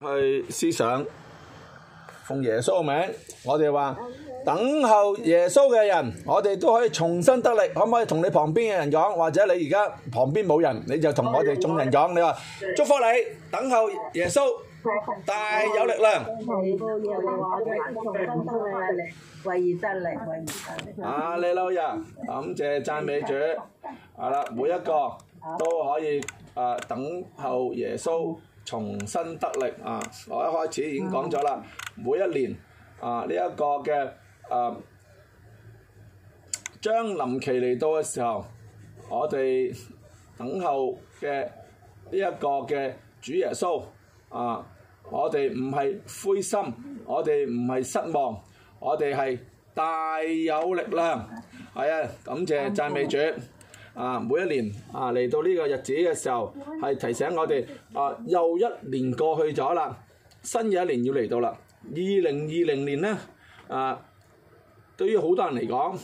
去思想，奉耶穌嘅名，我哋話等候耶穌嘅人，我哋都可以重新得力。可唔可以同你旁邊嘅人講，或者你而家旁邊冇人，你就同我哋眾人講，你話祝福你等候耶穌，大有力量。啊，你老呀！感謝讚美主。係啦，每一個都可以啊，等候耶穌。重新得力啊！我一開始已經講咗啦，每一年啊呢一個嘅啊，將臨期嚟到嘅時候，我哋等候嘅呢一個嘅主耶穌啊，我哋唔係灰心，我哋唔係失望，我哋係大有力量。係啊，感謝讚美主。啊！每一年啊，嚟到呢個日子嘅時候，係提醒我哋啊，又一年過去咗啦，新嘅一年要嚟到啦。二零二零年咧，啊，對於好多人嚟講，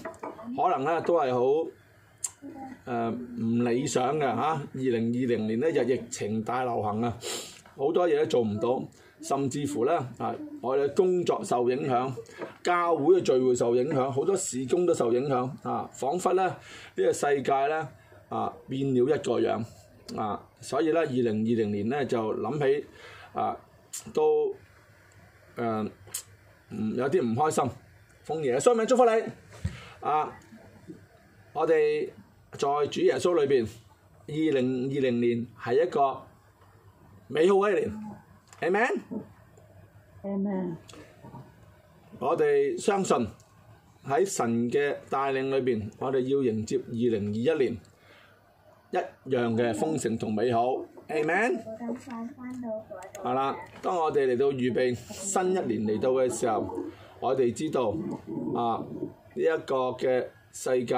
可能咧都係好誒唔理想㗎。二零二零年咧，就疫情大流行啊，好多嘢都做唔到。甚至乎咧，啊，我哋工作受影響，教會嘅聚會受影響，好多事工都受影響，啊，彷彿咧呢、這個世界咧啊變了一個樣。啊，所以咧二零二零年咧就諗起啊都誒、呃、有啲唔開心，奉耶穌命祝福你，啊，我哋在主耶穌裏邊，二零二零年係一個美好嘅一年。Amen。Amen。我哋相信喺神嘅帶領裏邊，我哋要迎接二零二一年一樣嘅豐盛同美好。Amen。係啦，當我哋嚟到預備新一年嚟到嘅時候，我哋知道啊呢一個嘅世界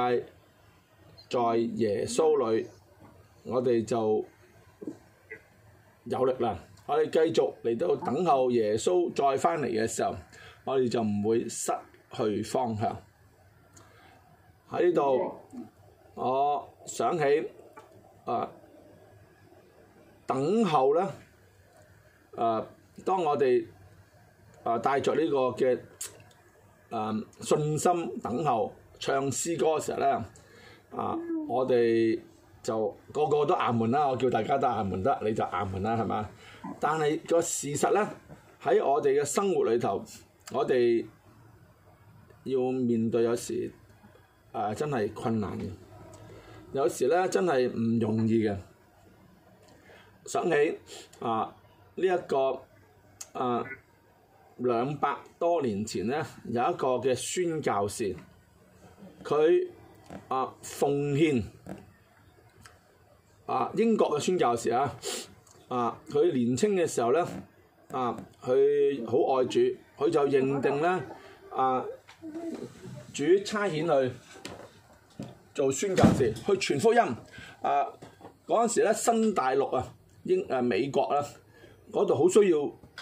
在耶穌裏，我哋就有力啦。我哋繼續嚟到等候耶穌再翻嚟嘅時候，我哋就唔會失去方向。喺呢度，我想起啊，等候咧，啊，當我哋啊帶着呢個嘅啊信心等候唱詩歌嘅時候咧，啊，我哋就個個都阿門啦，我叫大家都阿門得，你就阿門啦，係咪？但係，這個事實咧，喺我哋嘅生活裏頭，我哋要面對有時誒，呃、真係困難嘅，有時咧真係唔容易嘅。想起啊呢一，這個誒兩百多年前咧有一個嘅宣教士，佢啊奉獻啊英國嘅宣教士啊。啊！佢年青嘅時候咧，啊，佢好愛主，佢就認定咧，啊，主差遣去做宣教士，去傳福音。啊，嗰陣時咧，新大陸啊，英啊美國啦，嗰度好需要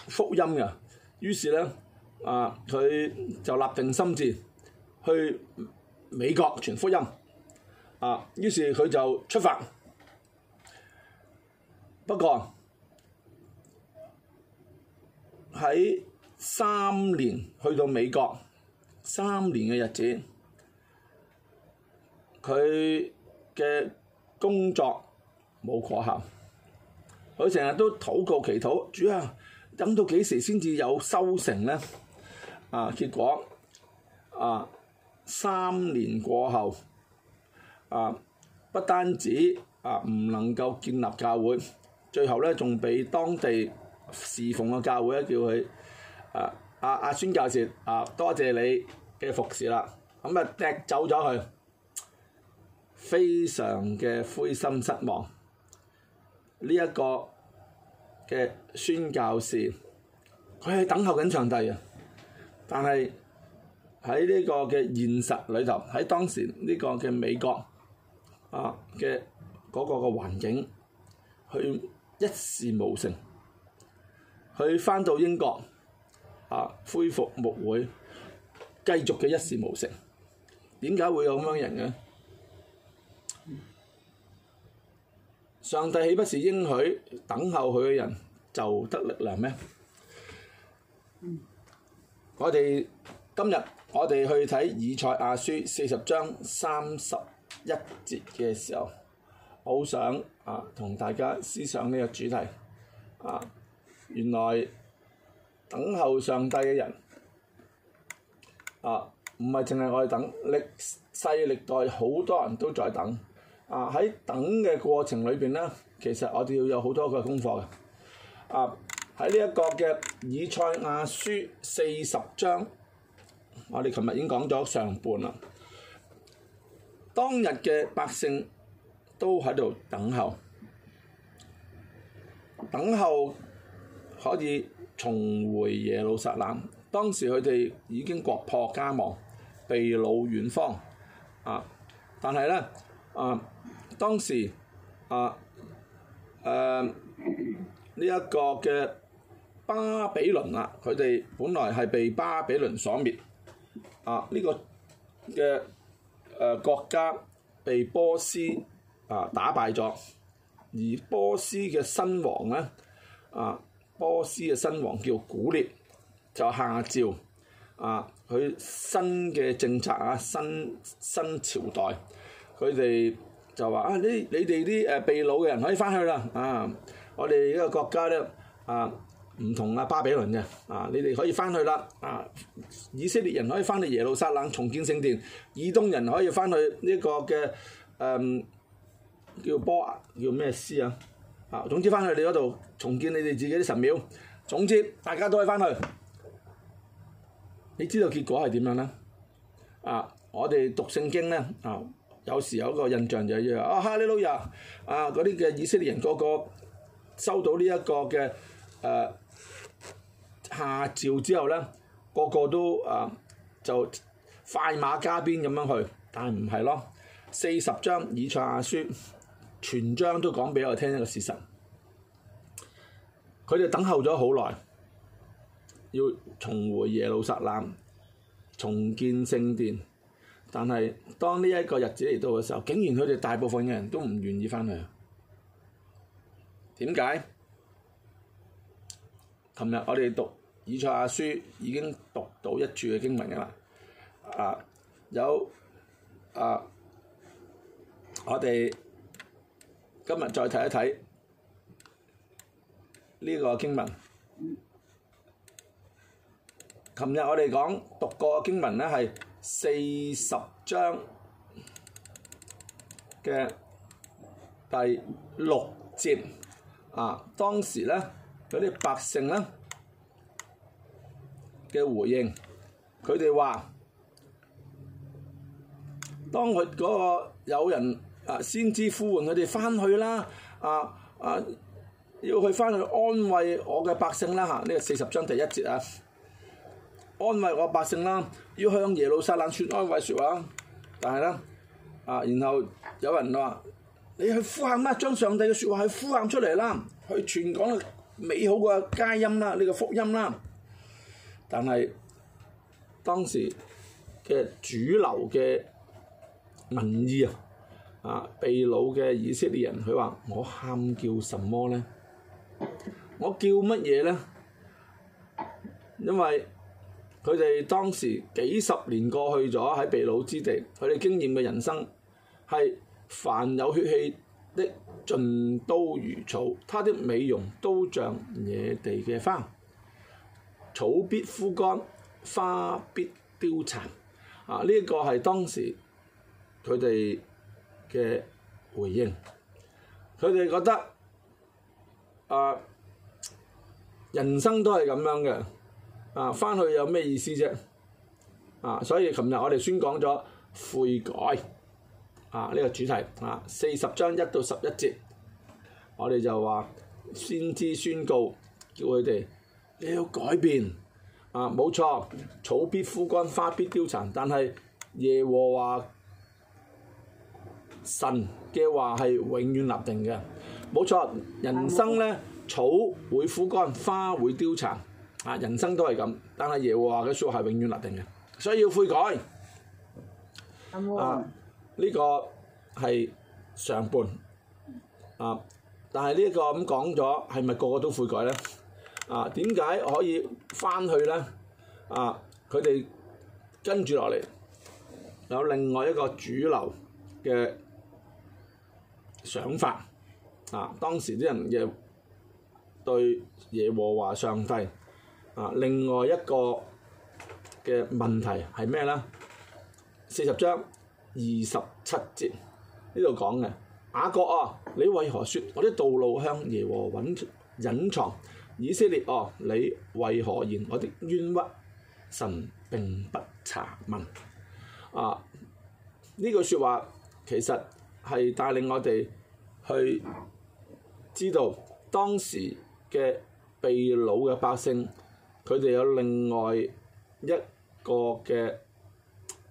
福音㗎，於是咧，啊，佢就立定心志去美國傳福音。啊，於是佢就出發。不過喺三年去到美國，三年嘅日子，佢嘅工作冇果效，佢成日都禱告祈禱，主啊，等到幾時先至有收成咧？啊，結果啊，三年過後，啊，不單止啊，唔能夠建立教會。最後咧，仲俾當地侍奉嘅教會咧，叫佢啊，阿阿宣教士啊，多謝你嘅服侍啦，咁啊踢走咗佢，非常嘅灰心失望。呢、這、一個嘅宣教士，佢係等候緊上帝啊，但係喺呢個嘅現實裏頭，喺當時呢個嘅美國啊嘅嗰個個環境去。一事無成，佢返到英國啊，恢復牧會，繼續嘅一事無成，點解會有咁樣嘅人嘅？上帝豈不是應許等候佢嘅人就得力量咩？我哋今日我哋去睇以賽亞書四十章三十一節嘅時候。好想啊，同大家思想呢個主題啊！原來等候上帝嘅人啊，唔係淨係我哋等，歷世歷代好多人都在等啊。喺等嘅過程裏邊呢，其實我哋要有好多嘅功課嘅啊。喺呢一個嘅以賽亞書四十章，我哋琴日已經講咗上半啦。當日嘅百姓。都喺度等候，等候可以重回耶路撒冷。當時佢哋已經國破家亡，被擄遠方。啊！但係咧，啊當時啊誒呢一個嘅巴比倫啦，佢哋本來係被巴比倫所滅。啊！呢、呢個嘅誒、呃、國家被波斯啊！打敗咗，而波斯嘅新王咧，啊，波斯嘅新王叫古列，就下詔，啊，佢新嘅政策啊，新新朝代，佢哋就話啊，你你哋啲誒被擄嘅人可以翻去啦，啊，我哋呢個國家咧，啊，唔同阿巴比倫嘅，啊，你哋可以翻去啦，啊，以色列人可以翻去耶路撒冷重建聖殿，以東人可以翻去呢個嘅誒。嗯叫波啊，叫咩詩啊？啊，總之翻去你嗰度重建你哋自己啲神廟。總之，大家都可以翻去。你知道結果係點樣咧？啊，我哋讀聖經咧，啊，有時有一個印象就係、是、啊，哈利路亞！啊，嗰啲嘅以色列人個個收到呢一個嘅誒、啊、下召之後咧，個個都啊就快馬加鞭咁樣去，但係唔係咯？四十章以賽亞書。全章都講俾我聽一個事實，佢哋等候咗好耐，要重回耶路撒冷，重建聖殿，但係當呢一個日子嚟到嘅時候，竟然佢哋大部分嘅人都唔願意返去。點解？琴日我哋讀以賽亞書已經讀到一處嘅經文㗎喇，啊，有啊，我哋。今日再睇一睇呢個經文。琴日我哋講讀過經文咧，係四十章嘅第六節。啊，當時咧，嗰啲百姓咧嘅回應，佢哋話：當佢嗰個有人。啊！先知呼喚佢哋翻去啦，啊啊，要去翻去安慰我嘅百姓啦嚇，呢個四十章第一節啊，安慰我百姓啦，要向耶路撒冷説安慰説話。但係咧，啊，然後有人話：你去呼喊啦，將上帝嘅説話去呼喊出嚟啦，去傳講美好嘅佳音啦，呢個福音啦。但係當時嘅主流嘅民意啊！啊！秘魯嘅以色列人，佢話：我喊叫什麼呢？我叫乜嘢呢？因為佢哋當時幾十年過去咗喺秘魯之地，佢哋經驗嘅人生係凡有血氣的盡都如草，他的美容都像野地嘅花，草必枯乾，花必凋殘。啊！呢個係當時佢哋。嘅回應，佢哋覺得啊，人生都係咁樣嘅，啊翻去有咩意思啫？啊，所以琴日我哋宣講咗悔改啊呢個主題啊，四十章一到十一節，我哋就話先知宣告叫佢哋你要改變啊，冇錯，草必枯乾，花必凋殘，但係耶和華。神嘅話係永遠立定嘅，冇錯。人生咧，草會枯乾，花會凋殘，啊，人生都係咁。但係耶和華嘅書係永遠立定嘅，所以要悔改。啊，呢個係上半。啊，但係呢個咁講咗，係咪個個都悔改咧？啊，點解可以翻去咧？啊，佢哋跟住落嚟有另外一個主流嘅。想法啊，當時啲人嘅對耶和華上帝啊，另外一個嘅問題係咩呢？四十章二十七節呢度講嘅雅各啊，你為何説我的道路向耶和華隱藏？以色列哦、啊，你為何言我的冤屈？神並不查問。啊，呢句説話其實。係帶領我哋去知道當時嘅秘魯嘅百姓，佢哋有另外一個嘅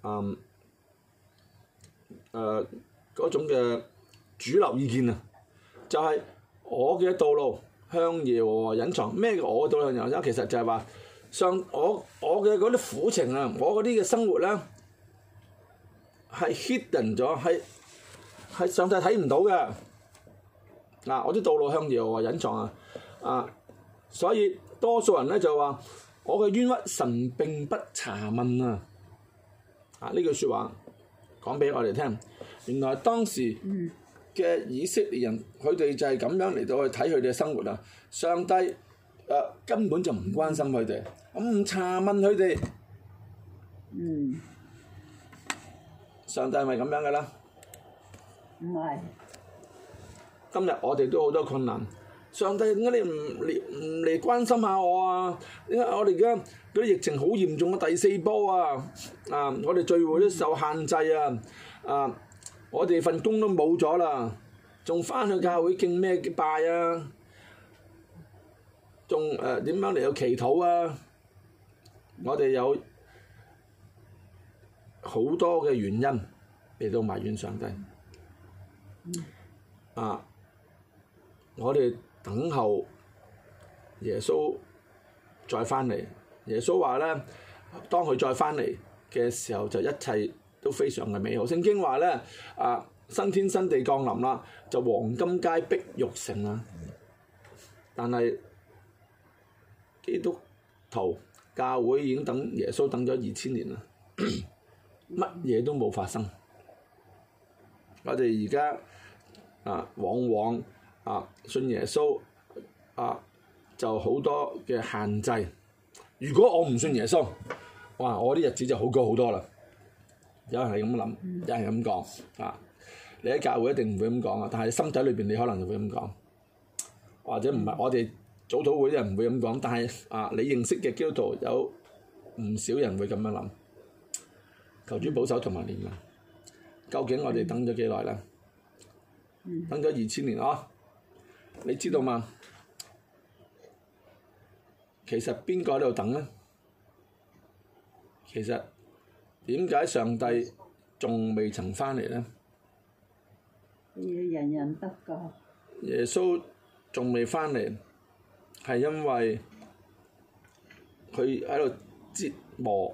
嗯誒嗰、呃、種嘅主流意見啊，就係、是、我嘅道路向耶和華隱藏咩？我嘅道路隱藏，其實就係話上我我嘅嗰啲苦情啊，我嗰啲嘅生活咧係 hidden 咗喺。係上帝睇唔到嘅，嗱我啲道路向耶和華隱藏啊，啊，所以多數人咧就話我嘅冤屈神並不查問啊，啊呢句説話講俾我哋聽，原來當時嘅以色列人佢哋就係咁樣嚟到去睇佢哋嘅生活啊，上帝誒根本就唔關心佢哋，咁查問佢哋，嗯，上帝係咪咁樣嘅啦？唔係，今日我哋都好多困難，上帝點解你唔嚟唔嚟關心下我啊？點解我哋而家嗰啲疫情好嚴重嘅第四波啊？啊，我哋聚會都受限制啊！啊，我哋份工都冇咗啦，仲返去教會敬咩嘅拜啊？仲誒點樣嚟到祈禱啊？我哋有好多嘅原因嚟到埋怨上帝。啊！我哋等候耶穌再返嚟。耶穌話咧：當佢再返嚟嘅時候，就一切都非常嘅美好。聖經話咧：啊，新天新地降臨啦，就黃金街碧玉城啦。但係基督徒教會已經等耶穌等咗二千年啦，乜嘢 都冇發生。我哋而家啊，往往啊信耶穌啊就好多嘅限制。如果我唔信耶穌，哇！我啲日子就好過好多啦。有人係咁諗，有人咁講啊。你喺教會一定唔會咁講啊，但係心底裏邊你可能就會咁講。或者唔係我哋早堂會啲人唔會咁講，但係啊，你認識嘅基督徒有唔少人會咁樣諗。求主保守同埋憐憫。究竟我哋等咗幾耐啦？嗯、等咗二千年哦，你知道嘛？其實邊個喺度等咧？其實點解上帝仲未曾翻嚟呢？要人人得救。耶穌仲未翻嚟，係因為佢喺度折磨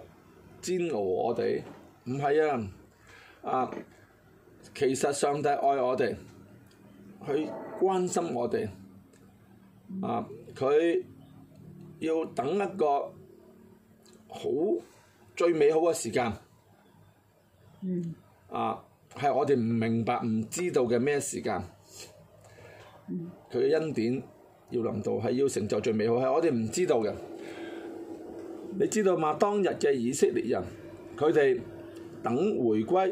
煎熬我哋，唔係啊！啊、其實上帝愛我哋，佢關心我哋。佢、啊、要等一個好最美好嘅時間。嗯、啊。係我哋唔明白、唔知道嘅咩時間？佢嘅恩典要臨到，係要成就最美好，係我哋唔知道嘅。你知道嘛？當日嘅以色列人，佢哋等回歸。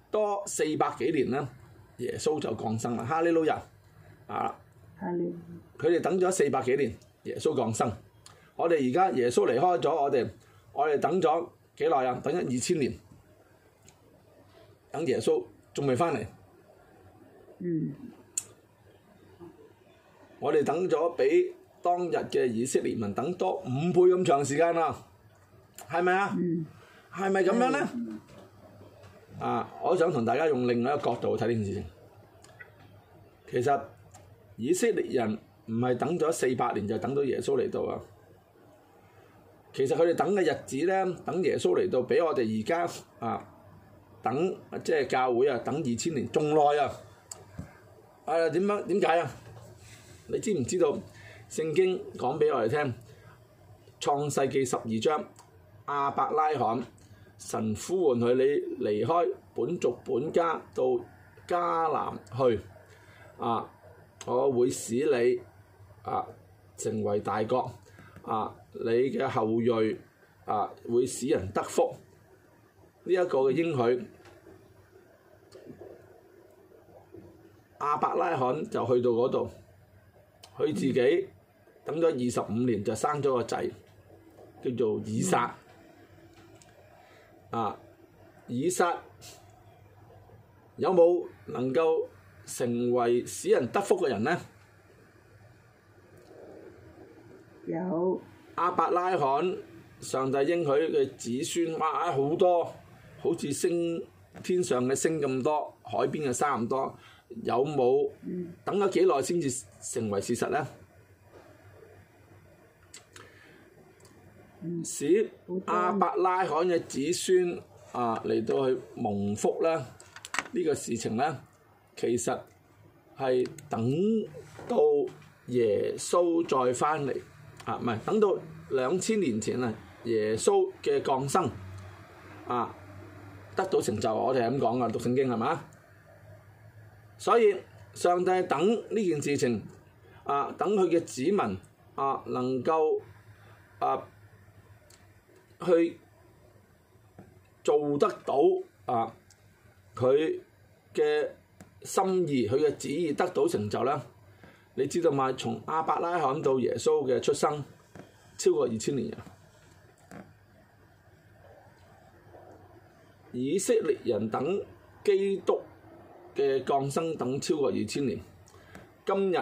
多四百幾年啦，耶穌就降生啦。哈利路亞啊，佢哋等咗四百幾年，耶穌降生。我哋而家耶穌離開咗我哋，我哋等咗幾耐啊？等咗二千年，等耶穌仲未翻嚟。嗯。Mm. 我哋等咗比當日嘅以色列民等多五倍咁長時間啊，係咪啊？係咪咁樣咧？啊！我想同大家用另外一個角度去睇呢件事情。其實以色列人唔係等咗四百年就等到耶穌嚟到啊。其實佢哋等嘅日子咧，等耶穌嚟到，比我哋而家啊等即係教會啊等二千年仲耐啊。啊！點乜點解啊？你知唔知道聖經講俾我哋聽創世記十二章亞伯拉罕？神呼喚佢，你離開本族本家到迦南去，啊，我會使你啊成為大國，啊，你嘅後裔啊會使人得福，呢一個嘅應許，亞伯拉罕就去到嗰度，佢自己等咗二十五年就生咗個仔，叫做以撒。啊！以撒有冇能夠成為使人得福嘅人呢？有。亞伯拉罕，上帝應許嘅子孫，哇！好多，好似星天上嘅星咁多，海邊嘅沙咁多。有冇？嗯。等咗幾耐先至成為事實咧？使亞伯拉罕嘅子孫啊嚟到去蒙福啦，呢、呢個事情咧，其實係等到耶穌再翻嚟啊，唔係等到兩千年前啦，耶穌嘅降生啊，得到成就，我哋係咁講噶，讀聖經係嘛？所以上帝等呢件事情啊，等佢嘅子民啊能夠啊～去做得到啊！佢嘅心意、佢嘅旨意得到成就啦。你知道嘛？從阿伯拉罕到耶穌嘅出生，超過二千年人。以色列人等基督嘅降生等超過二千年。今日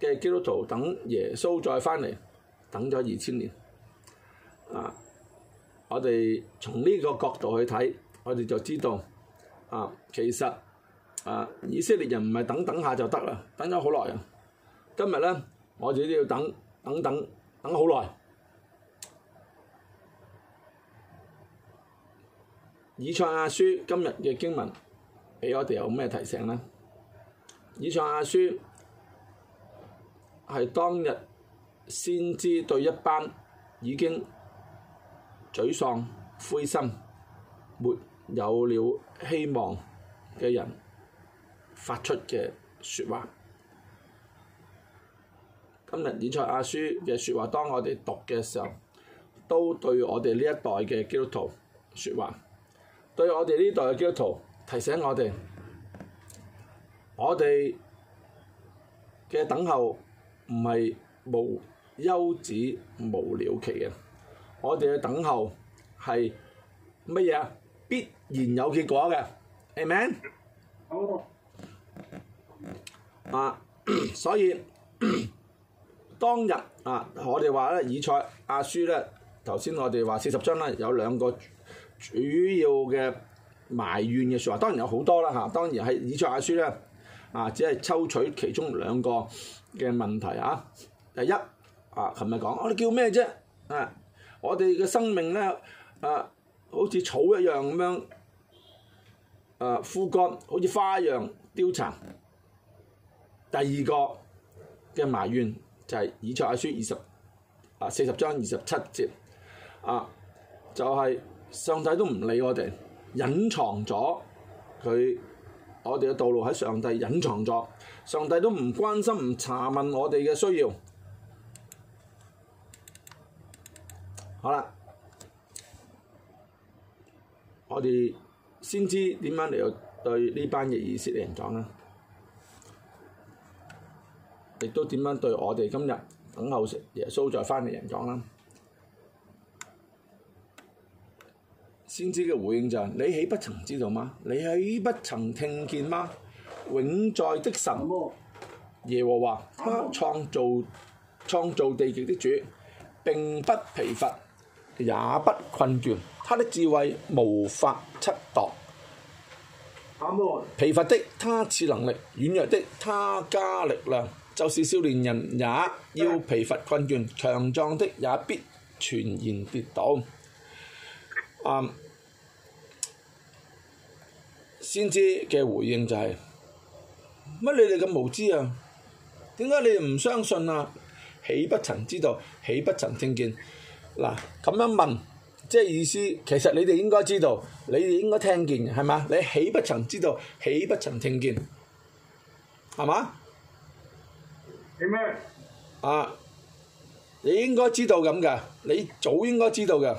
嘅基督徒等耶穌再翻嚟，等咗二千年。啊！我哋從呢個角度去睇，我哋就知道，啊，其實啊，以色列人唔係等等下就得啦，等咗好耐啊。今日咧，我哋都要等等等等好耐。以賽亞書今日嘅經文俾我哋有咩提醒呢？以賽亞書係當日先知對一班已經沮喪、灰心、沒有了希望嘅人發出嘅説話。今日《以賽亞書》嘅説話，當我哋讀嘅時候，都對我哋呢一代嘅基督徒説話，對我哋呢代嘅基督徒提醒我哋，我哋嘅等候唔係無休止、無了期嘅。我哋嘅等候係乜嘢啊？必然有結果嘅，Amen、啊。好。啊，所以當日啊，我哋話咧，以賽亞書咧，頭先我哋話四十章啦，有兩個主要嘅埋怨嘅説話，當然有好多啦嚇、啊。當然係以賽亞書咧，啊，只係抽取其中兩個嘅問題啊。第一啊，琴日講我哋叫咩啫？啊！我哋嘅生命咧，啊，好似草一樣咁樣，啊，枯乾，好似花一樣凋殘。第二個嘅埋怨就係、是、以賽亞書二十啊四十章二十七節，啊就係、是、上帝都唔理我哋，隱藏咗佢我哋嘅道路喺上帝隱藏咗，上帝都唔關心唔查問我哋嘅需要。好啦，我哋先知點樣嚟對呢班嘅以色列嘅人講啦？亦都點樣對我哋今日等候耶穌再返嚟嘅人講啦？先知嘅回應就係、是：你豈不曾知道嗎？你豈不曾聽見嗎？永在的神耶和華，他創造創造地極的主並不疲乏。也不困倦，他的智慧無法測度。疲乏的他賜能力，軟弱的他加力量，就是少年人也要疲乏困倦，強壯的也必全然跌倒。Um, 先知嘅回應就係、是、乜？你哋咁無知啊？點解你哋唔相信啊？豈不曾知道？豈不曾聽見？嗱咁樣問，即係意思，其實你哋應該知道，你哋應該聽見，係嘛？你豈不曾知道，豈不曾聽見，係嘛？你咩麼？啊！你應該知道咁嘅，你早應該知道嘅。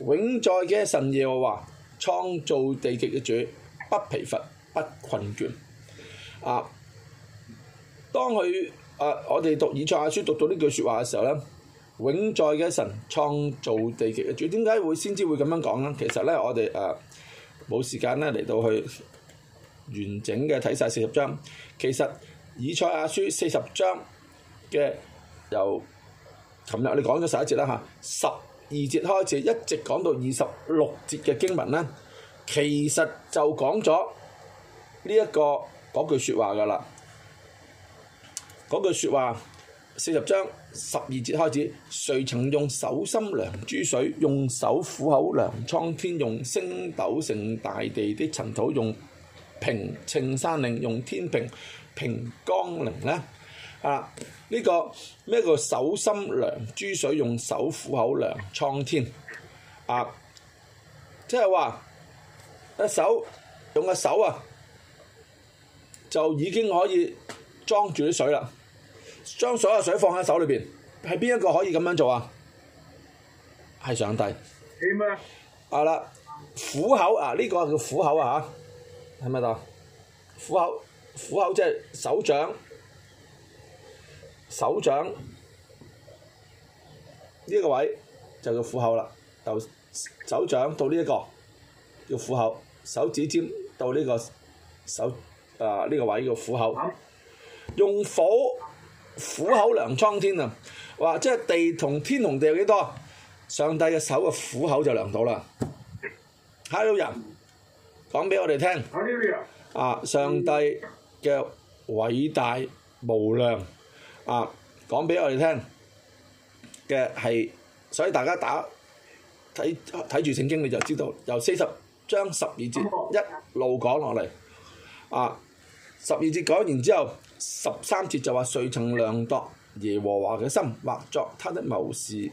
永在嘅神耶和華，創造地極嘅主，不疲乏，不困倦。啊！當佢啊，我哋讀以賽亞書讀到呢句説話嘅時候咧。永在嘅神創造地極嘅主，點解會先至會咁樣講咧？其實咧，我哋誒冇時間咧嚟到去完整嘅睇晒四十章。其實以賽亞書四十章嘅由尋日你講咗十一節啦嚇，十二節開始一直講到二十六節嘅經文咧，其實就講咗呢一個講句説話嘅啦，講句説話。四十章十二節開始，誰曾用手心量諸水，用手虎口量蒼天，用星斗盛大地的塵土，用平秤山嶺，用天平平岡陵呢？啊，呢、這個咩叫「手心量諸水，用手虎口量蒼天，啊，即係話一手用隻手啊，就已經可以裝住啲水啦。將所有水放喺手裏邊，係邊一個可以咁樣做啊？係上帝。點啊？啊啦，虎口啊，呢個叫虎口啊嚇，係咪度？虎口，虎口即係手掌，手掌呢一個位就叫虎口啦。由手掌到呢一個叫虎口，手指尖到呢個手啊呢個位叫虎口。用火。虎口量蒼天啊！話即係地同天同地有幾多？上帝嘅手嘅虎口就量到啦！哈！老 人樂講俾我哋聽， 啊，上帝嘅偉大無量啊！講俾我哋聽嘅係，所以大家打睇睇住聖經，你就知道，由四十章十二節一路講落嚟啊！十二節講完之後十三節就話誰曾量度耶和華嘅心，或作他的謀士，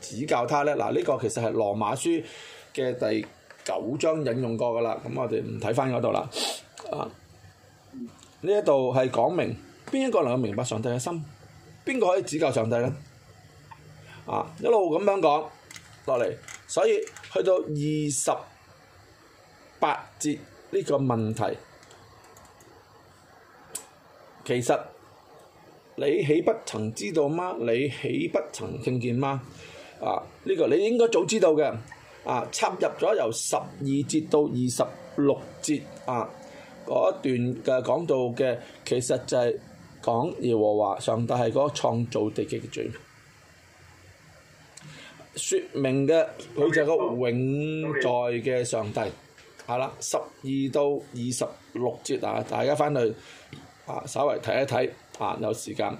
指教他呢？嗱，呢個其實係羅馬書嘅第九章引用過㗎喇。咁我哋唔睇翻嗰度啦。啊，呢一度係講明邊一個能夠明白上帝嘅心，邊個可以指教上帝呢？啊，一路咁樣講落嚟，所以去到二十八節呢個問題。其實你豈不曾知道嗎？你豈不曾聽見嗎？啊，呢、這個你應該早知道嘅。啊，插入咗由十二節到二十六節啊嗰段嘅講道嘅，其實就係講耶和華上帝係嗰個創造地極嘅主，説明嘅佢就係個永在嘅上帝。係、啊、啦，十二到二十六節啊，大家翻去。啊，稍微睇一睇，啊，有時間，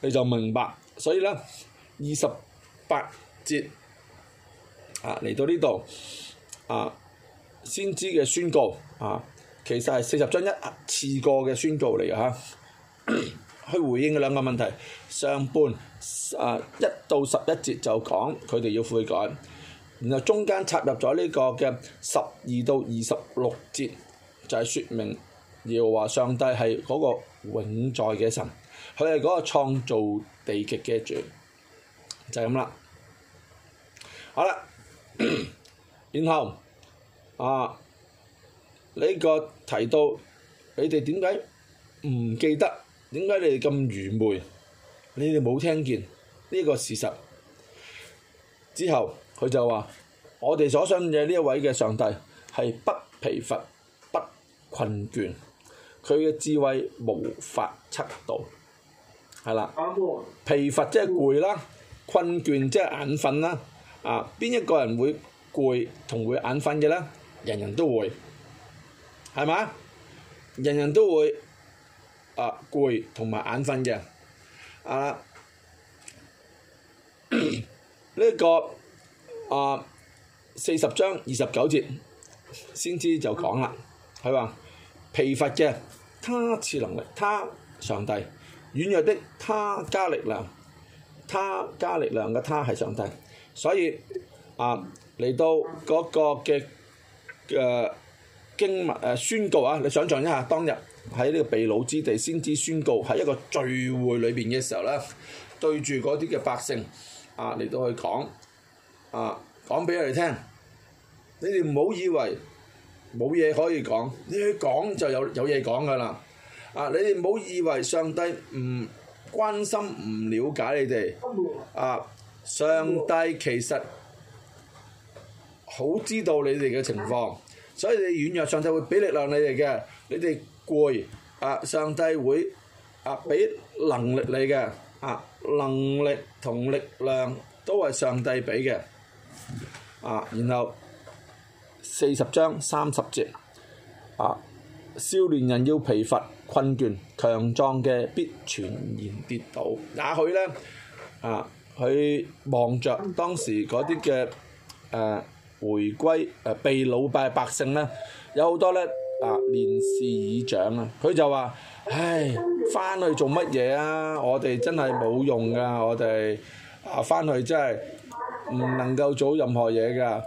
你就明白。所以咧，二十八節啊嚟到呢度啊，先知嘅宣告啊，其實係四十章一次過嘅宣告嚟嘅嚇。去回應嘅兩個問題，上半啊，一到十一節就講佢哋要悔改，然後中間插入咗呢個嘅十二到二十六節就係、是、説明。要話上帝係嗰個永在嘅神，佢係嗰個創造地極嘅主，就係咁啦。好啦，然後啊，呢個提到你哋點解唔記得？點解你哋咁愚昧？你哋冇聽見呢個事實之後，佢就話：我哋所信嘅呢一位嘅上帝係不疲乏、不困倦。佢嘅智慧無法測度，係啦，疲乏即係攰啦，困倦即係眼瞓啦，啊邊一個人會攰同會眼瞓嘅咧？人人都會，係咪？人人都會啊攰同埋眼瞓嘅，啊呢、 呢個啊四十章二十九節先知就講啦，佢話。疲乏嘅他賜能力，他上帝軟弱的他加力量，他加力量嘅他係上帝，所以啊嚟到嗰個嘅誒、呃、經文誒、呃、宣告啊，你想象一下當日喺呢個被擄之地先知宣告喺一個聚會裏邊嘅時候咧，對住嗰啲嘅百姓啊嚟到去講啊講俾佢哋聽，你哋唔好以為。冇嘢可以講，你去講就有有嘢講噶啦。啊，你哋唔好以為上帝唔關心、唔瞭解你哋。啊，上帝其實好知道你哋嘅情況，所以你哋軟弱，上帝會俾力量你哋嘅。你哋攰，啊，上帝會啊俾能力你嘅。啊，能力同力量都係上帝俾嘅。啊，然後。四十章三十節，啊，少年人要疲乏困倦，強壯嘅必全然跌倒。也許呢，啊，佢望着當時嗰啲嘅回歸被擄百姓呢，有好多呢啊，年事已長啊，佢就話：，唉，返去做乜嘢啊？我哋真係冇用噶，我哋啊，返去真係唔能夠做任何嘢噶。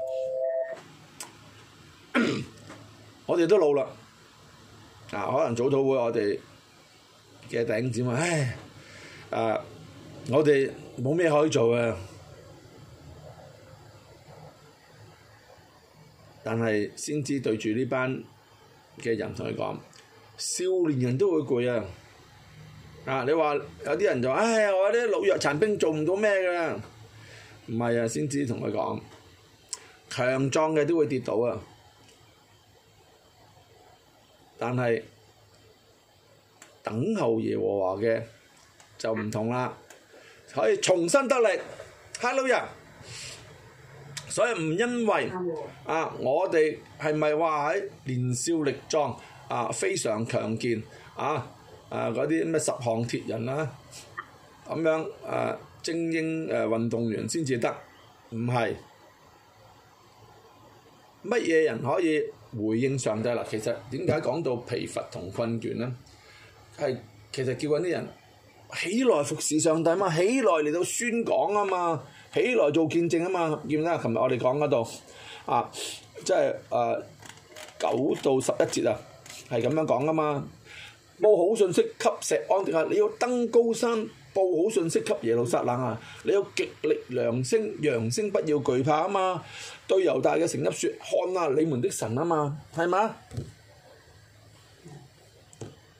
我哋都老啦，啊，可能早早會我哋嘅頂點啊，唉，誒、啊，我哋冇咩可以做啊。但係先知對住呢班嘅人同佢講，少年人都會攰啊，啊，你話有啲人就話，唉，我啲老弱殘兵做唔到咩㗎，唔係啊，先知同佢講，強壯嘅都會跌倒啊！但係等候耶和華嘅就唔同啦，可以重新得力，Hello 人，所以唔因為啊，我哋係咪話喺年少力壯啊、非常強健啊、啊嗰啲咩十項鐵人啦咁樣啊、精英誒運動員先至得，唔係乜嘢人可以？回應上帝啦，其實點解講到疲乏同困倦呢？係其實叫緊啲人起來服侍上帝啊嘛，起來嚟到宣講啊嘛，起來做見證啊嘛，見唔見啊？琴日我哋講嗰度啊，即係誒九到十一節啊，係咁樣講啊嘛，報好信息給錫安的啊，你要登高山報好信息給耶路撒冷啊，你要極力揚聲，揚聲不要懼怕啊嘛。對猶大嘅城邑説看下你們的神啊嘛，係嘛？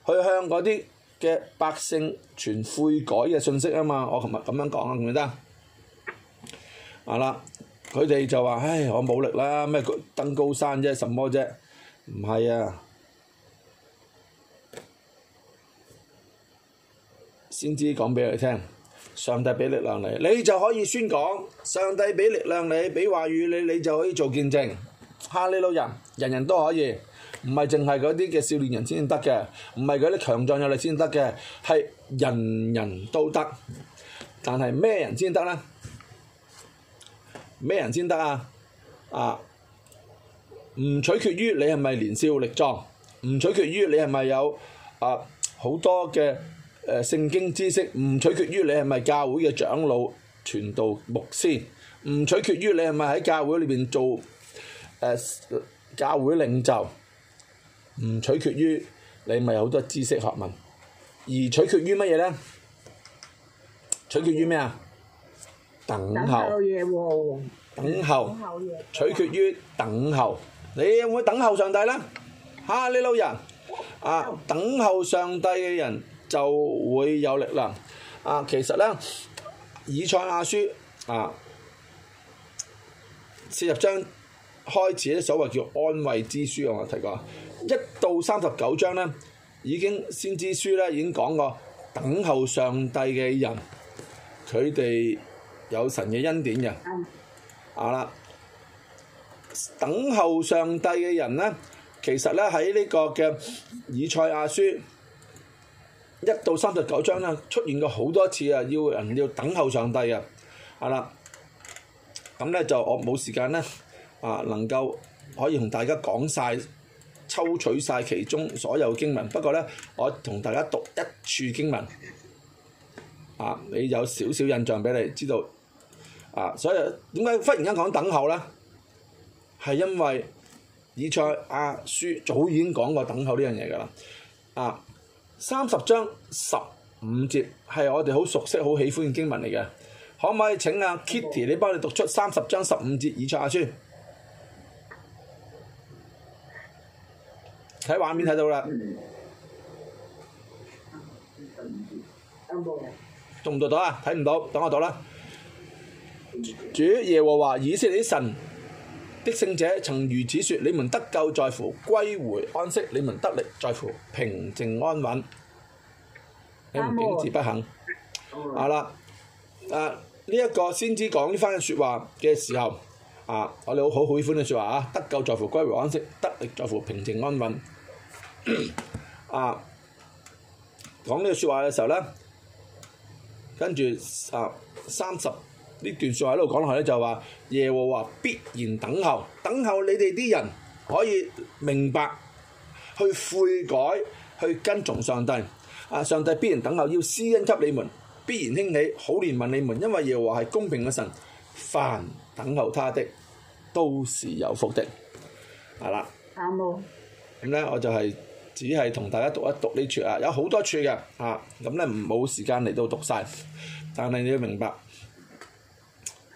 去向嗰啲嘅百姓傳悔改嘅信息啊嘛，我琴日咁樣講啊，唔得啊啦！佢哋就話唉，我冇力啦，咩高登高山啫，什麼啫？唔係啊，先知講俾佢聽。上帝畀力量你，你就可以宣講；上帝畀力量你，畀話語你，你就可以做見證。哈利路亞，人人都可以，唔係淨係嗰啲嘅少年人先得嘅，唔係嗰啲強壯有力先得嘅，係人人都得。但係咩人先得呢？咩人先得啊？啊！唔取決於你係咪年少力壯，唔取決於你係咪有啊好多嘅。誒，聖經知識唔取決於你係咪教會嘅長老、傳道、牧師，唔取決於你係咪喺教會裏邊做誒教會領袖，唔取決於你咪有好多知識學問，而取決於乜嘢咧？取決於咩啊？等候。等候嘢喎。等候。取決於等候，你有冇等候上帝咧？嚇！你老人，啊，等候上帝嘅人，就會有力啦！啊，其實咧，以賽亞書啊，四十章開始咧，所謂叫安慰之書嘅我有提過，一到三十九章咧，已經先知書咧已經講過，等候上帝嘅人，佢哋有神嘅恩典嘅。啊啦，等候上帝嘅人咧，其實咧喺呢個嘅以賽亞書。一到三十九章咧出現過好多次啊！要人要等候上帝嘅，係啦，咁咧就我冇時間咧啊，能夠可以同大家講晒、抽取晒其中所有經文。不過咧，我同大家讀一處經文啊，你有少少印象俾你知道啊。所以點解忽然間講等候咧？係因為以賽亞書早已經講過等候呢樣嘢㗎喇啊。三十章十五節係我哋好熟悉、好喜歡嘅經文嚟嘅，可唔可以請阿 Kitty、嗯、你幫你讀出三十章十五節，以賽亞書？睇畫面睇到啦、嗯嗯嗯嗯，讀唔讀到啊？睇唔到，等我讀啦。主耶和華以色列神。的聖者曾如此説：你們得救在乎歸回安息，你們得力在乎平靜安穩。你們竟自不肯。好啦、嗯啊！啊呢一、這個先知講呢番嘅説話嘅時候，啊我哋好好喜歡嘅説話啊，得救在乎歸回安息，得力在乎平靜安穩。 啊講呢個説話嘅時候咧，跟住啊三十。呢段説話喺度講落去咧，就係話耶和華必然等候，等候你哋啲人可以明白，去悔改，去跟從上帝。啊，上帝必然等候，要施恩給你們，必然興起，好憐憫你們，因為耶和華係公平嘅神。凡等候他的都是有福的。係啦。啊冇。咁咧，我就係只係同大家讀一讀呢處啊，有好多處嘅嚇，咁咧冇時間嚟到讀晒，但係你要明白，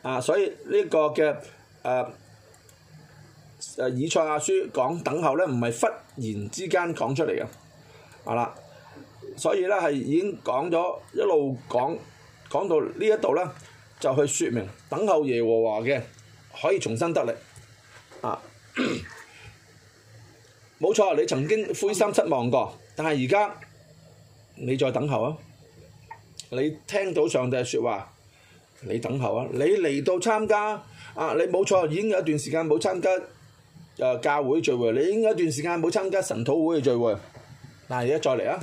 啊，所以呢個嘅誒誒以賽亞書講等候咧，唔係忽然之間講出嚟嘅，啊啦，所以咧係已經講咗一路講講到呢一度咧，就去説明等候耶和華嘅可以重新得力。啊，冇 錯，你曾經灰心失望過，但係而家你再等候啊！你聽到上帝嘅説話。你等候啊！你嚟到參加啊！你冇錯，已經有一段時間冇參加誒教會聚會，你已經有一段時間冇參加神禱會嘅聚會。嗱，而家再嚟啊！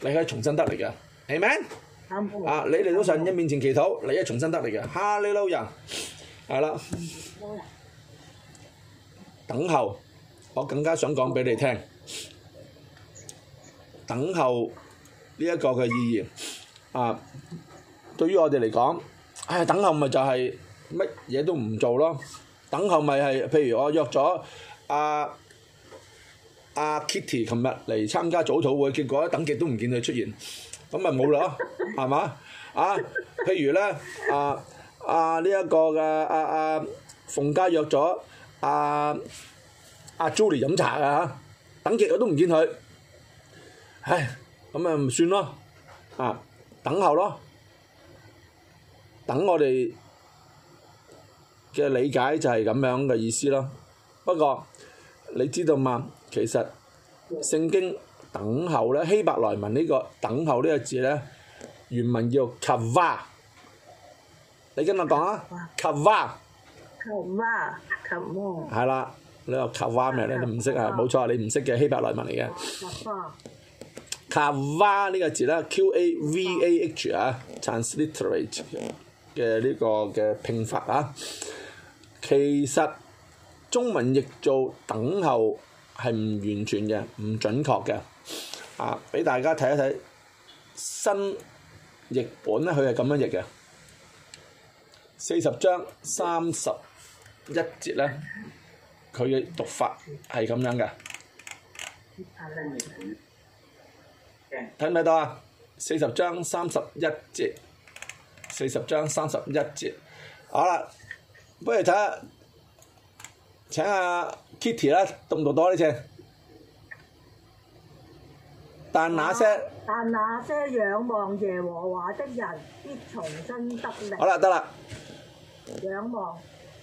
你可以重新得力嘅，Amen？啱唔啱？啊！你嚟到神嘅面前祈禱，你係重新得力嘅，哈利路亞！係啦。哈利路亞。等候，我更加想講俾你聽，等候呢一個嘅意義啊！對於我哋嚟講。唉，等候咪就係乜嘢都唔做咯。等候咪係，譬如我約咗阿阿 Kitty 琴日嚟參加早討會，結果等極都唔見佢出現，咁咪冇啦，係嘛？啊，譬如咧，阿阿呢一個嘅阿阿馮家約咗阿阿 Julie 飲茶嘅嚇，等極我都唔見佢，唉，咁咪唔算咯，啊，等候咯。等我哋嘅理解就係咁樣嘅意思咯。不過你知道嘛？其實聖經等候咧希伯來文呢個等候呢個字咧，原文叫卡瓦。你今日講啊，卡瓦。卡瓦，卡瓦。係啦，你話卡瓦咩咧？你唔識啊？冇錯，你唔識嘅希伯來文嚟嘅。卡瓦。卡瓦呢個字啦，Q A V A H 啊，transliterate。嘅呢個嘅拼法啊，其實中文譯做等候係唔完全嘅，唔準確嘅。啊，俾大家睇一睇新譯本咧，佢係咁樣譯嘅。四十章三十一節咧，佢嘅讀法係咁樣嘅。睇唔睇到啊？四十章三十一節。四十章三十一節，好啦，不如睇下請阿 Kitty 啦，動動多啲先。啊、但那些但那些仰望耶和華的人，必重新得力。好啦，得啦。仰望。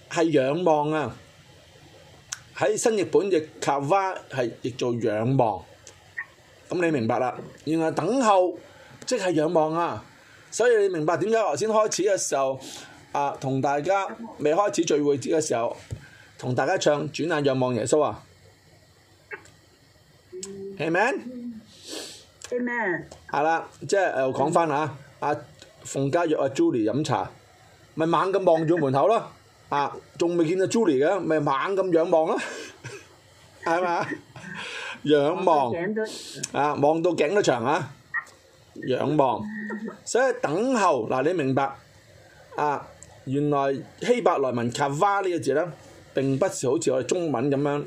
係仰望啊！喺新譯本嘅卡翻係譯做仰望。咁你明白啦？原來等候即係、就是、仰望啊！所以你明白點解我先開始嘅時候，啊，同大家未開始聚會節嘅時候，同大家唱轉眼仰望耶穌啊，Amen，Amen。係啦，即係又講翻啦啊，阿馮家約阿 Julie 飲茶，咪猛咁望住門口咯，啊，仲未見到 Julie 嘅，咪猛咁仰望咯，係咪啊？仰望，啊，望到頸都長啊！仰望，所以等候嗱、啊，你明白啊？原來希伯來文「卡花」呢個字咧，並不是好似我哋中文咁樣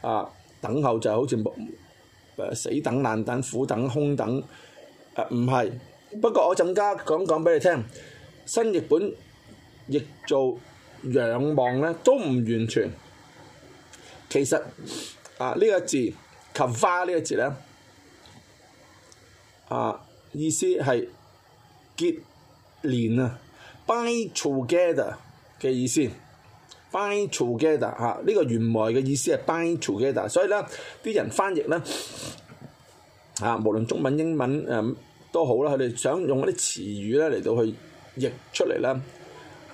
啊，等候就好似、啊、死等、難等、苦等、空等唔係、啊。不過我陣間講講俾你聽，新譯本譯做仰望咧，都唔完全。其實啊，呢、呢個字「卡花」呢個字咧啊。意思係結連啊，bind together 嘅意思，bind together 嚇、啊、呢、呢個原來嘅意思係 bind together，所以咧，啲人翻譯咧嚇、啊、無論中文英文誒、呃、都好啦，佢哋想用嗰啲詞語咧嚟到去譯出嚟啦。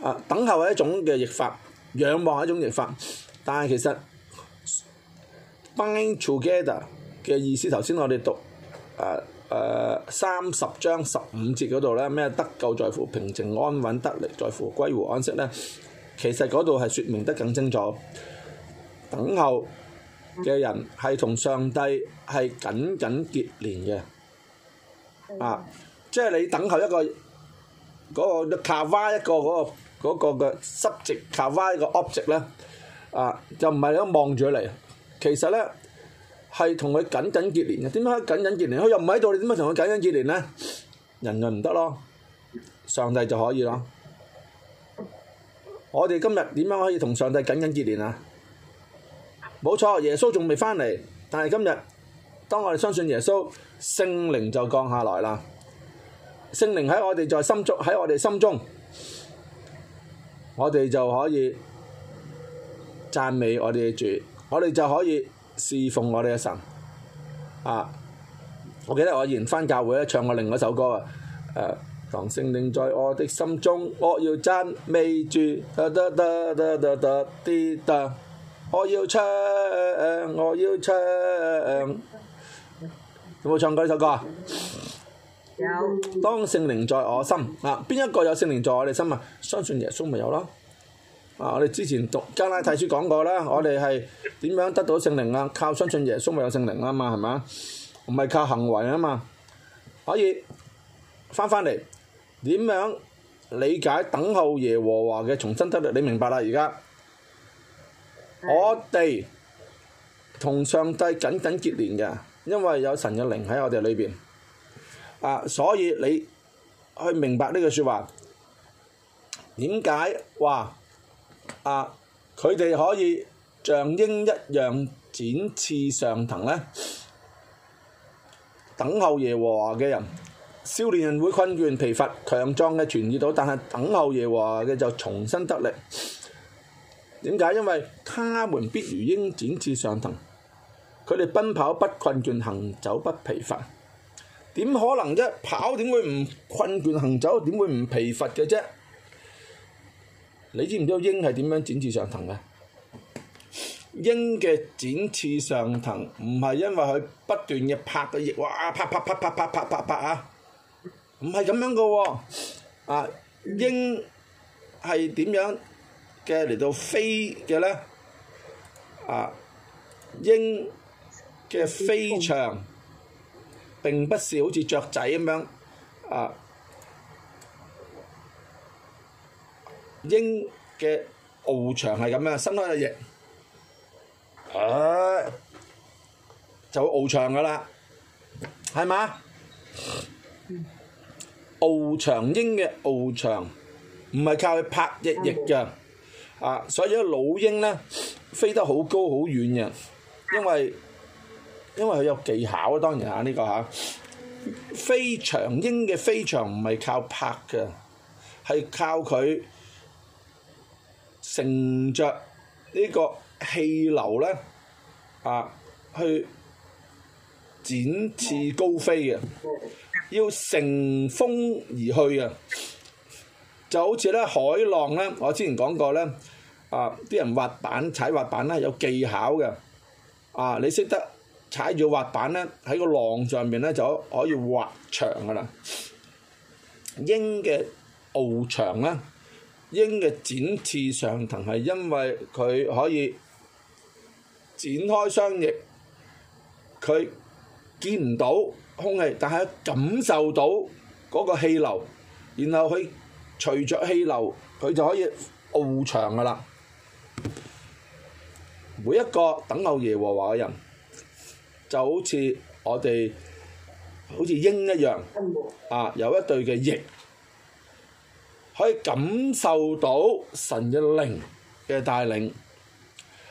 啊，等候係一種嘅譯法，仰望係一種譯法，但係其實 bind together 嘅意思頭先我哋讀誒。啊誒三十章十五節嗰度咧，咩得救在乎平靜安穩，得力在乎歸回安息咧。其實嗰度係說明得更清楚。等候嘅人係同上帝係緊緊結連嘅。嗯、啊，即係你等候一個嗰卡哇一個嗰、嗰個嘅濕席，卡、那、哇、個、一個惡藉咧。啊，就唔係你度望住嚟。其實咧。係同佢緊緊結連嘅，點解緊緊結連？佢又唔喺度，你點解同佢緊緊結連咧？人就唔得咯，上帝就可以咯。我哋今日點樣可以同上帝緊緊結連啊？冇錯，耶穌仲未返嚟，但係今日當我哋相信耶穌，聖靈就降下來啦。聖靈喺我哋在心中，喺我哋心中，我哋就可以讚美我哋嘅主，我哋就可以。侍奉我哋嘅神，啊！我記得我以前返教會唱過另外一首歌啊，誒，當聖靈在我的心中，我要讚美主，得得得得得得啲得，我要唱，我要唱，嗯，有冇唱過呢首歌啊？有。當聖靈在我心，啊！邊一個有聖靈在我嘅心啊？相信耶穌咪有咯。啊！我哋之前讀加拉太書講過啦，我哋係點樣得到聖靈啊？靠相信耶穌咪有聖靈啊嘛，係嘛？唔係靠行為啊嘛。可以翻返嚟點樣理解等候耶和華嘅重新得力？你明白啦，而家我哋同上帝緊緊結連嘅，因為有神嘅靈喺我哋裏邊。啊，所以你去明白呢句説話，點解話？佢哋、啊、可以像鷹一樣展翅上騰咧，等候耶和華嘅人，少年人會困倦疲乏，強壯嘅全然倒。但係等候耶和華嘅就重新得力。點解？因為他們必如鷹展翅上騰，佢哋奔跑不困倦，行走不疲乏。點可能啫？跑點會唔困倦，行走點會唔疲乏嘅啫？你知唔知鷹係點樣展翅上騰嘅？鷹嘅展翅上騰唔係因為佢不斷嘅拍個翼，哇！啪啪啪啪啪啪啪。拍，拍，拍，拍，拍，拍，拍，拍啊！唔係咁樣嘅喎，啊！鷹係點樣嘅嚟到飛嘅咧？啊！鷹嘅飛翔並不是好似雀仔咁樣啊！鷹嘅翱翔係咁樣，伸開隻翼，唉，就會翱翔噶啦，係嘛？翱翔，鷹嘅翱翔，唔係靠佢拍翼翼嘅，啊，所以咧老鷹呢飛得好高好遠嘅，因為因為佢有技巧啊，當然嚇呢個嚇，飛翔鷹嘅飛翔唔係靠拍嘅，係靠佢。乘着呢個氣流咧，啊，去展翅高飛嘅，要乘風而去嘅，就好似咧海浪咧，我之前講過咧，啊，啲人滑板踩滑板咧有技巧嘅，啊，你識得踩住滑板咧喺個浪上面咧就，就可以滑牆嘅啦，鷹嘅翱翔啦。鷹嘅展翅上騰係因為佢可以展開雙翼，佢見唔到空氣，但係感受到嗰個氣流，然後佢隨著氣流佢就可以翱翔噶啦。每一個等候耶和華嘅人，就好似我哋好似鷹一樣啊，有一對嘅翼。可以感受到神嘅靈嘅帶領，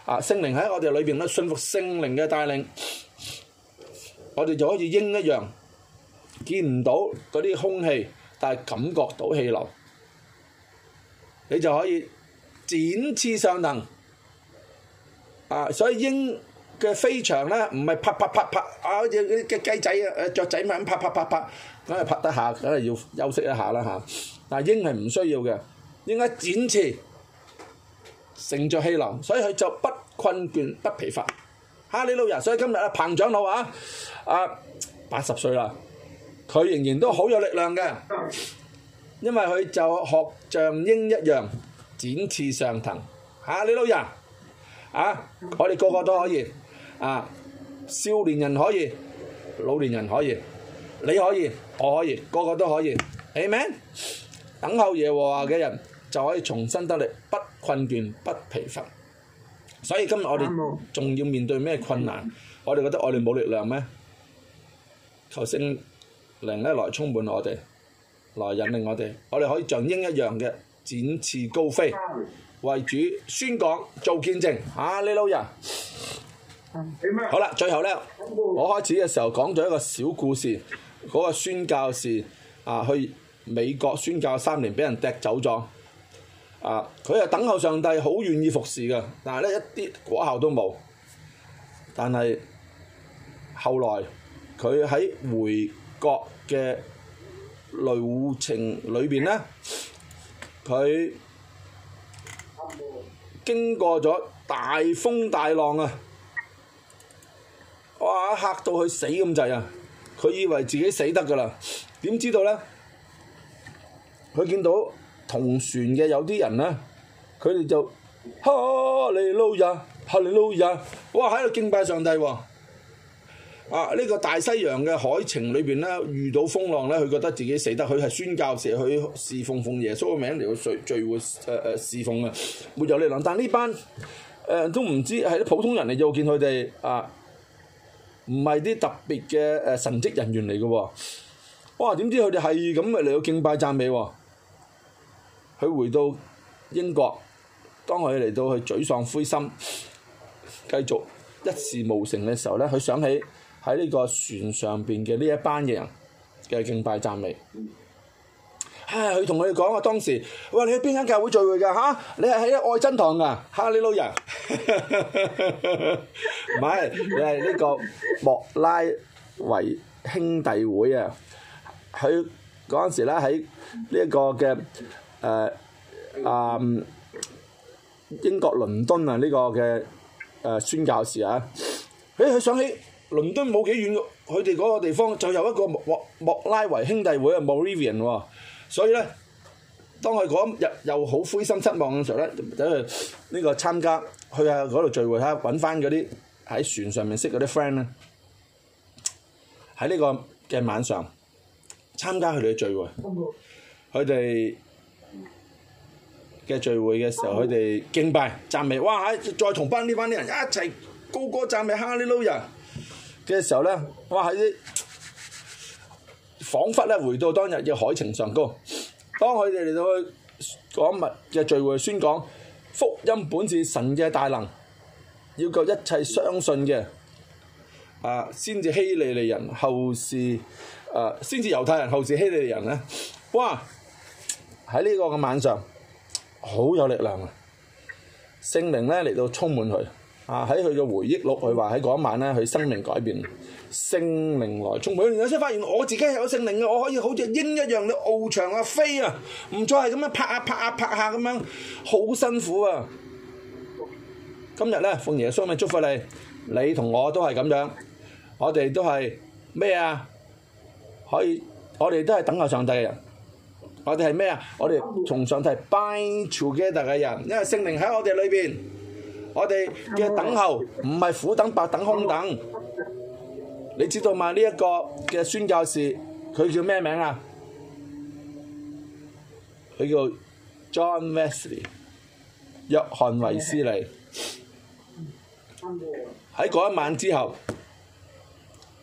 啊聖靈喺我哋裏邊咧，信服聖靈嘅帶領，我哋就好似鷹一樣，見唔到嗰啲空氣，但係感覺到氣流，你就可以展翅上騰，啊所以鷹嘅飛翔咧，唔係啪啪啪啪啊，好似嗰啲雞仔啊、雀仔咁啪啪啪啪。梗係拍得下，梗係要休息一下啦嚇。但鷹係唔需要嘅，應該展翅乘著氣流，所以佢就不困倦不疲乏。哈利路亞，所以今日啊彭長老啊，啊八十歲啦，佢仍然都好有力量嘅，因為佢就學像鷹一樣展翅上騰。哈利路亞，啊我哋個個都可以，啊少年人可以，老年人可以，你可以。我可以，個個都可以，Amen，等候耶和華嘅人就可以重新得力，不困倦不疲乏。所以今日我哋仲要面對咩困難？我哋覺得我哋冇力量咩？求聖靈咧來充滿我哋，來引領我哋，我哋可以像鷹一樣嘅展翅高飛，為主宣講做見證。哈利路亞，好啦，最後咧，我開始嘅時候講咗一個小故事。嗰個宣教士啊，去美國宣教三年，俾人掟走咗。啊，佢係等候上帝，好願意服侍嘅，但係咧一啲果效都冇。但係後來佢喺回國嘅旅程裏邊咧，佢經過咗大風大浪啊！哇，嚇到佢死咁滯啊！佢以為自己死得㗎啦，點知道咧？佢見到同船嘅有啲人咧，佢哋就哈利路亞，哈利路亞，哇喺度敬拜上帝喎、哦！啊，呢、這個大西洋嘅海情裏邊咧，遇到風浪咧，佢覺得自己死得，佢係宣教時，成日侍奉奉耶穌嘅名嚟到聚聚會誒誒、呃、侍奉啊，沒有你諗，但呢班誒都唔知係啲普通人嚟做，見佢哋啊。唔係啲特別嘅誒、呃、神職人員嚟嘅喎，哇，點知佢哋係咁咪嚟到敬拜讚美喎、哦？佢回到英國，當佢嚟到佢沮喪灰心，繼續一事無成嘅時候咧，佢想起喺呢個船上邊嘅呢一班嘅人嘅敬拜讚美。唉，佢同我哋講啊，當時，哇！你去邊間教會聚會㗎？嚇，你係喺愛珍堂㗎、啊，哈利路人？唔 係是， 你係呢個莫拉維兄弟會啊！佢嗰陣時咧喺呢一個嘅誒、呃、啊英國倫敦啊，呢、這個嘅誒、呃、宣教士啊，哎，佢想起倫敦冇幾遠，佢哋嗰個地方就有一個莫莫拉維兄弟會啊 Moravian 喎。所以咧，當佢嗰日又好灰心失望嘅時候咧，就去呢個參加去下嗰度聚會，睇下揾翻嗰啲喺船上面識嗰啲 friend 咧，喺呢個嘅晚上參加佢哋嘅聚會，佢哋嘅聚會嘅時候，佢哋敬拜讚美，哇，喺再同班呢班啲人一齊高歌讚美哈利路亞嘅時候咧，哇喺啲～彷彿咧回到當日嘅海情上高，當佢哋嚟到去講密嘅聚會，宣講福音本是神嘅大能，要救一切相信嘅，啊，先至希利利人，後是、啊、先至猶太人，後是希利利人呢，哇！喺呢個嘅晚上，好有力量啊！聖靈呢嚟到充滿佢。啊！喺佢嘅回憶錄，佢話喺嗰一晚咧，佢生命改變，聖靈來從每件事都發現我自己係有聖靈嘅，我可以好似鷹一樣嘅翱翔啊，飛啊！唔再係咁樣拍下拍下拍下咁樣，好辛苦啊！今日咧，奉耶穌名祝福你，你同我都係咁樣，我哋都係咩啊？可以，我哋都係等候上帝嘅人。我哋係咩啊？我哋從上帝 bind together 嘅人，因為聖靈喺我哋裏邊。我哋嘅等候唔係苦等、白等、空等，你知道嘛？呢一個嘅宣教士，佢叫咩名啊？佢叫 John Wesley，約翰維斯利。喺嗰一晚之後，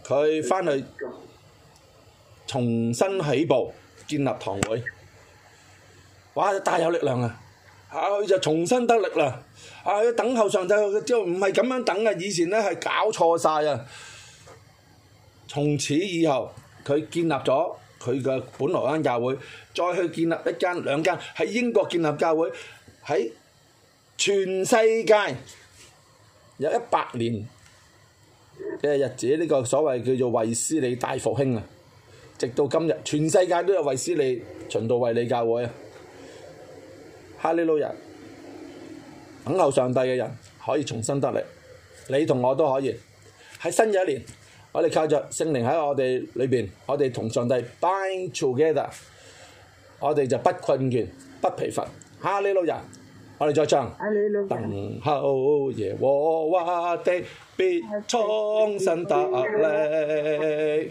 佢返去重新起步，建立堂會。哇！大有力量啊！啊！佢就重新得力啦！啊！佢等候上帝，佢之後唔係咁樣等嘅。以前咧係搞錯晒啊！從此以後，佢建立咗佢嘅本來恩教會，再去建立一間兩間，喺英國建立教會，喺全世界有一百年嘅日子，呢個所謂叫做衛斯理大復興啊！直到今日，全世界都有衛斯理循道衛理教會啊！哈利路亞，等候上帝嘅人可以重新得力，你同我都可以喺新嘅一年，我哋靠着聖靈喺我哋裏邊，我哋同上帝 bind together 我哋就不困倦不疲乏。哈利路亞，我哋再唱。哈利路亞。等候耶和華的必，必重新得力。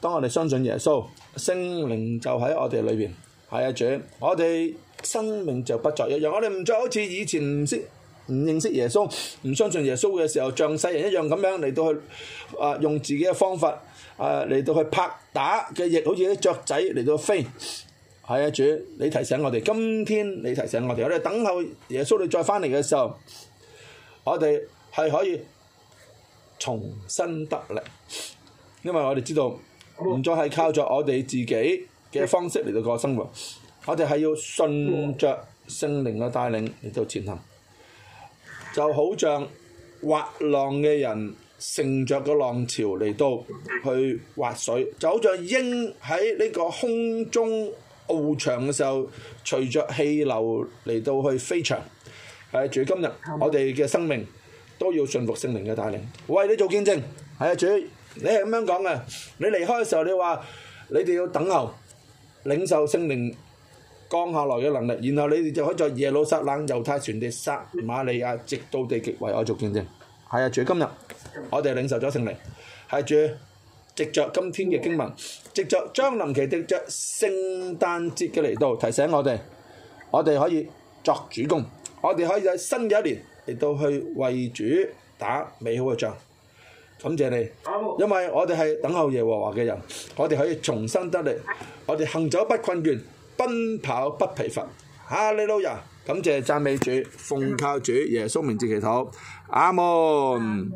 當我哋相信耶穌，聖靈就喺我哋裏邊。係啊，主，我哋生命就不再一樣。我哋唔再好似以前唔識、唔認識耶穌、唔相信耶穌嘅時候，像世人一樣咁樣嚟到去啊用自己嘅方法啊嚟到去拍打嘅翼，好似啲雀仔嚟到飛。係啊，主，你提醒我哋，今天你提醒我哋，我哋等候耶穌你再返嚟嘅時候，我哋係可以重新得力，因為我哋知道。唔再係靠著我哋自己嘅方式嚟到過生活，我哋係要順着聖靈嘅帶領嚟到前行，就好像滑浪嘅人乘着個浪潮嚟到去滑水，就好像鷹喺呢個空中翱翔嘅時候，隨着氣流嚟到去飛翔。誒、哎，主今日我哋嘅生命都要順服聖靈嘅帶領，為你做見證，係、哎、啊，主。你係咁樣講嘅，你離開嘅時候你，你話你哋要等候領受聖靈降下來嘅能力，然後你哋就可以在耶路撒冷、猶太全地、撒瑪利亞，直到地極為我作見證。係啊，主今日我哋領受咗聖靈，係主、啊，藉着今天嘅經文，藉着將臨期，藉着聖誕節嘅嚟到，提醒我哋，我哋可以作主工，我哋可以喺新嘅一年嚟到去為主打美好嘅仗。感謝你，因為我哋係等候耶和華嘅人，我哋可以重新得力，我哋行走不困倦，奔跑不疲乏。哈利路亞！感謝讚美主，奉靠主，耶穌名字祈禱。阿門。